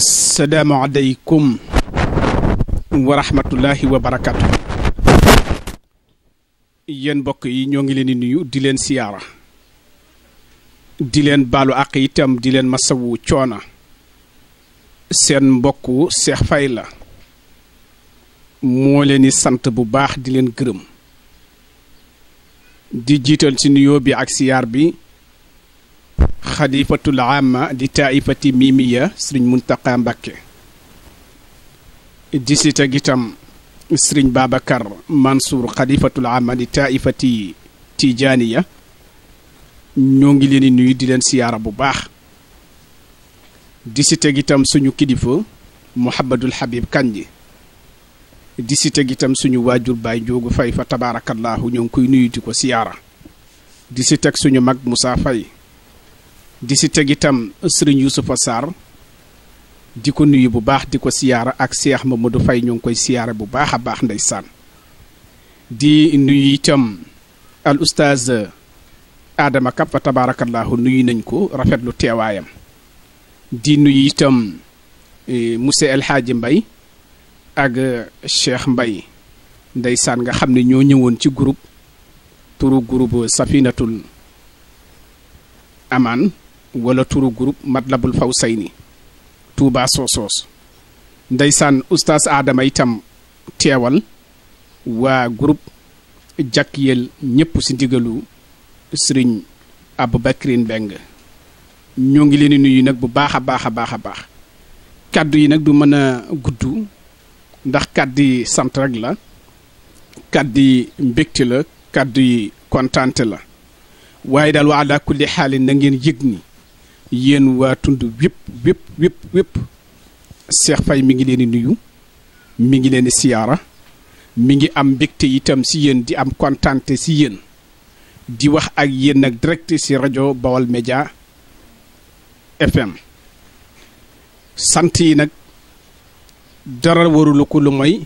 asalaamaaleykum wa rahmatullahi wa barakaatu. yéen mbokk yi ñoo ngi leen di nuyu di leen siyaara. dileen leen baalu àq itam di leen masawu coona seen mbokku Cheikh fay la moo leen di sant bu baax di leen gërëm di jiital ci nuyoo bi ak siyaar bi xalifatul amma di taaifati mimiya sëriñ Muntaqa Mbàkke di si itam sëriñ Babacar Mansour xalifatul amma di taaifati tijaaniya ñoo ngi leen di nuyu di leen siyaara bu baax di si teg itam suñu kilifa Mouhamadul Habib Kandji di si teg itam suñu waajur baay Njoogu Fay fa tabaarakallaahu ñoo ngi koy nuyu di ko siyaara di si teg suñu mag Moussa Fay di si teg itam sëriñ Youssoufa Sarr di ko nuyu bu baax di ko siyaara ak Seex Mamadou Fay ñoo ngi koy siyaara bu baax a baax ndeysaan di nuyu itam al oustaz aadama kap fa tabaarakallaahu nuyu nañ ko rafetlu teewaayam di nuyu itam eh, monsieur El Hadji ak eh, Cheikh Mbaye ndeysaan nga xam ne ñoo ñëwoon ci groupe tour groupe Safinatul Aman wala turu groupe Matlabul ni Touba Soosoos ndeysaan oustaz aadama itam teewal waa groupe yel ñëpp si ndigalu sëriñ Aboubacrine Mbengue ñoo ngi leen di nuyu nag bu baax a baax a baax a baax kàddu yi nag du mën a gudd ndax kàddu yi sant rek la kàddu yi mbégte la kàddu yi kontaante la waaye daal wa ala kulli xaalin na ngeen yëg ni yéen waa tund wépp wépp wépp wépp Cheikh mi ngi leen di nuyu mi ngi leen di siyaara mi ngi am mbégte itam ci yéen di am kontaante si yéen di wax ak yéen nag direct ci rajo Bawal Média FM sant yi nag dara warulu ko lu mooy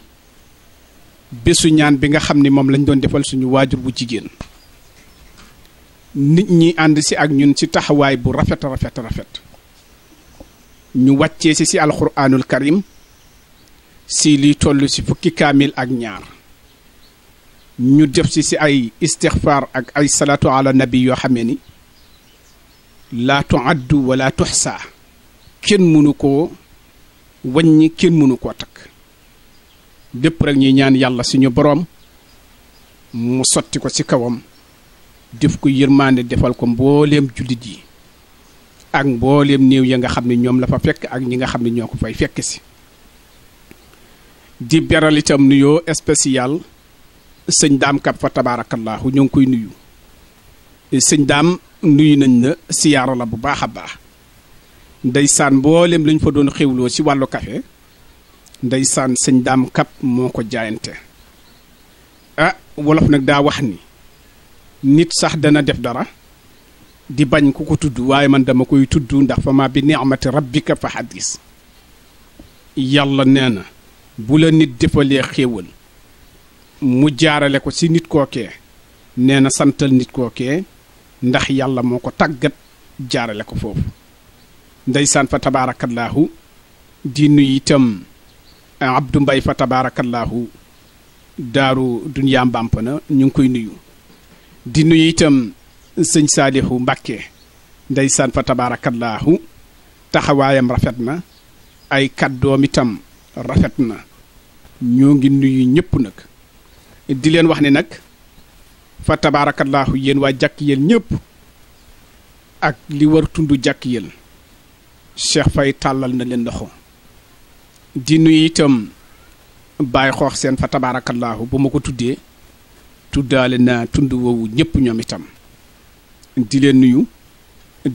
bésu ñaan bi nga xam ni moom lañ doon defal suñu waajur bu jigéen nit ñi ànd si ak ñun ci taxawaay bu rafet rafet rafet ñu wàccee si si alxuraanul karim si liy toll si fukki kaamil ak ñaar ñu def si si ay istixfaar ak ay salaatu ala nabi yoo xamee ni laa tuaddu wala tuxsaa kenn mënu koo wàññi kenn mënu koo takk lépp rek ñuy ñaan yàlla suñu boroom mu sotti ko ci kawam def ko yërmaande defal ko mbooleem jullit yi ak mbooleem néew ya nga xam ne ñoom la fa fekk ak ñi nga xam ne ñoo ko fay fekk si di beral itam nuyoo spécial sëñ daam kab fa tabaarakallaahu ñoo ngi koy nuyu sëñ daam nuyu nañ la siyaara la bu baax a baax ndeysaan mboolem lañ fa doon xewloo ci wàllu café ndeysaan sëñ daam kab moo ko jaayante ah wolof nag daa wax ni nit sax dana def dara di bañ ku ko tudd waaye man dama koy tudd ndax fa ma bi ni'mati rabbika fa xadis yàlla nee na bu la nit defalee xéewal mu jaarale ko ci nit kookee nee na santal nit kookee ndax yàlla moo ko tàggat jaarale ko foofu ndeysaan fa laaxu di nuyu itam Abdou Mbaye fa tabaarakallaahu daaru Dunya Mbampana ñu ngi koy nuyu di nuyu itam sëñ Saalihu Mbàkke ndeysaan fa tabaarakallaahu taxawaayam rafet na ay kàddoom itam rafet na ñoo ngi nuyu ñëpp nag di leen wax ni nag fa tabaarakallaahu yéen waa jàkk yéen ñëpp ak li war tund jàkk yéen Cheikh fay tàllal na leen loxo di nuyu itam bàyyi xoox seen fa tabaarakallaahu bu ma ko tuddee tuddaale naa tund woowu ñëpp ñoom itam di leen nuyu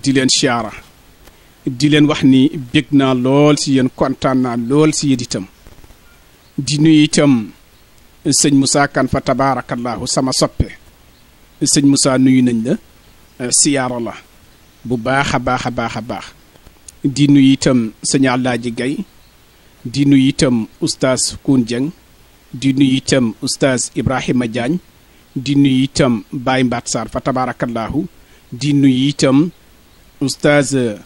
di leen siyaara di leen wax ni bég naa lool ci yéen kontaan naa lool ci yéen itam di nuyu itam sëñ Moussa Kane fa tabaarakallaahu sama soppe sëñ Moussa nuyu nañ la euh, siyaara la bu baax a baax a baax a baax di nuyu itam sëñ Gay di nuyu itam oustaz Koun di nuyu itam oustaz Ibrahima Diagne di nuyu itam Baye Mbaat Sarr fa tabaarakallaahu di nuyu itam oustaz euh,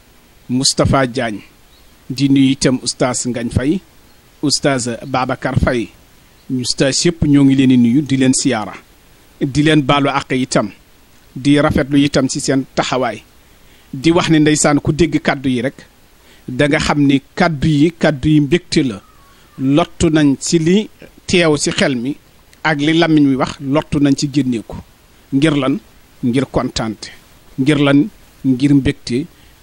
Moustapha Diagne di nuyu itam oustaz Ngañ Fay oustaz euh, Babacar Fay ñu stage yëpp ñoo ngi leen di nuyu di leen siyaara di leen baalu àq itam di rafetlu itam ci seen taxawaay di wax ne ndeysaan ku dégg kàddu yi rek da nga xam ni kàddu yi kàddu yi mbégte la lottu nañ ci li teew ci xel mi ak li làmmiñ wi wax lottu nañ ci génneeku ngir lan ngir kontaante ngir lan ngir mbégte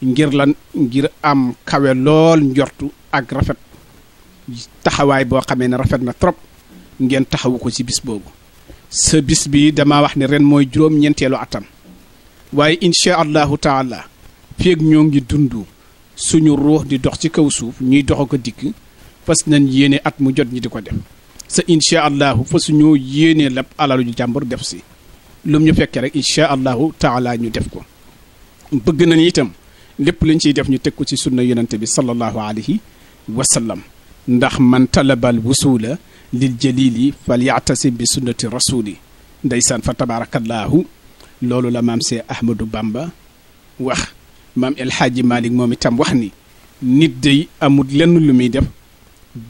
ngir lan ngir am kawe lool njortu ak rafet taxawaay boo xamee ne rafet na trop ngeen taxawu ko ci bis boobu sa bis bi damaa wax ne ren mooy juróom-ñeenteelu atam waaye incha allahu taala feeg ñoo ngi dund suñu ruux di dox ci kaw suuf ñuy dox ko dikk fas nañ yéene at mu jot ñi di ko def sa incha allahu fa suñu yéene lépp alaluñu jàmbur def si lum ñu fekkee rek incha allahu taala ñu def ko bëgg nañ itam lépp liñ ciy def ñu teg ko ci sunna yonente bi sallallahu alayhi wa sallam ndax man talabal wusula lil jalili fal yactasim bi sunnati rasuli ndeysaan fa tabaarakallaahu loolu la maam see ahmadou bamba wax maam El Hadji Malick moom itam wax ni nit day amul lenn lu muy def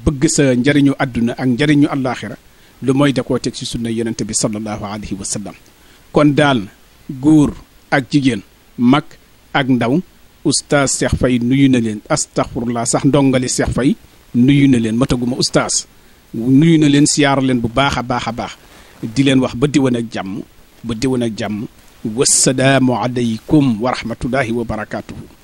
bëgg sa njariñu àdduna ak njariñu àllaaxira lu mooy da koo teg ci sunna yonente bi sallallahu alayhi wa kon daal góor ak jigéen mag ak ndaw oustaz Cheikh Faye nuyu na leen astaxfirullah sax ndongali Cheikh fay nuyu na leen mataguma ustaas nuyu na leen siyaar leen bu baax a baax a baax di leen wax ba diwan ak jàmm ba diwan ak jàmm wasalaamu aleykum wa rahmatullahi wa barakaatuhu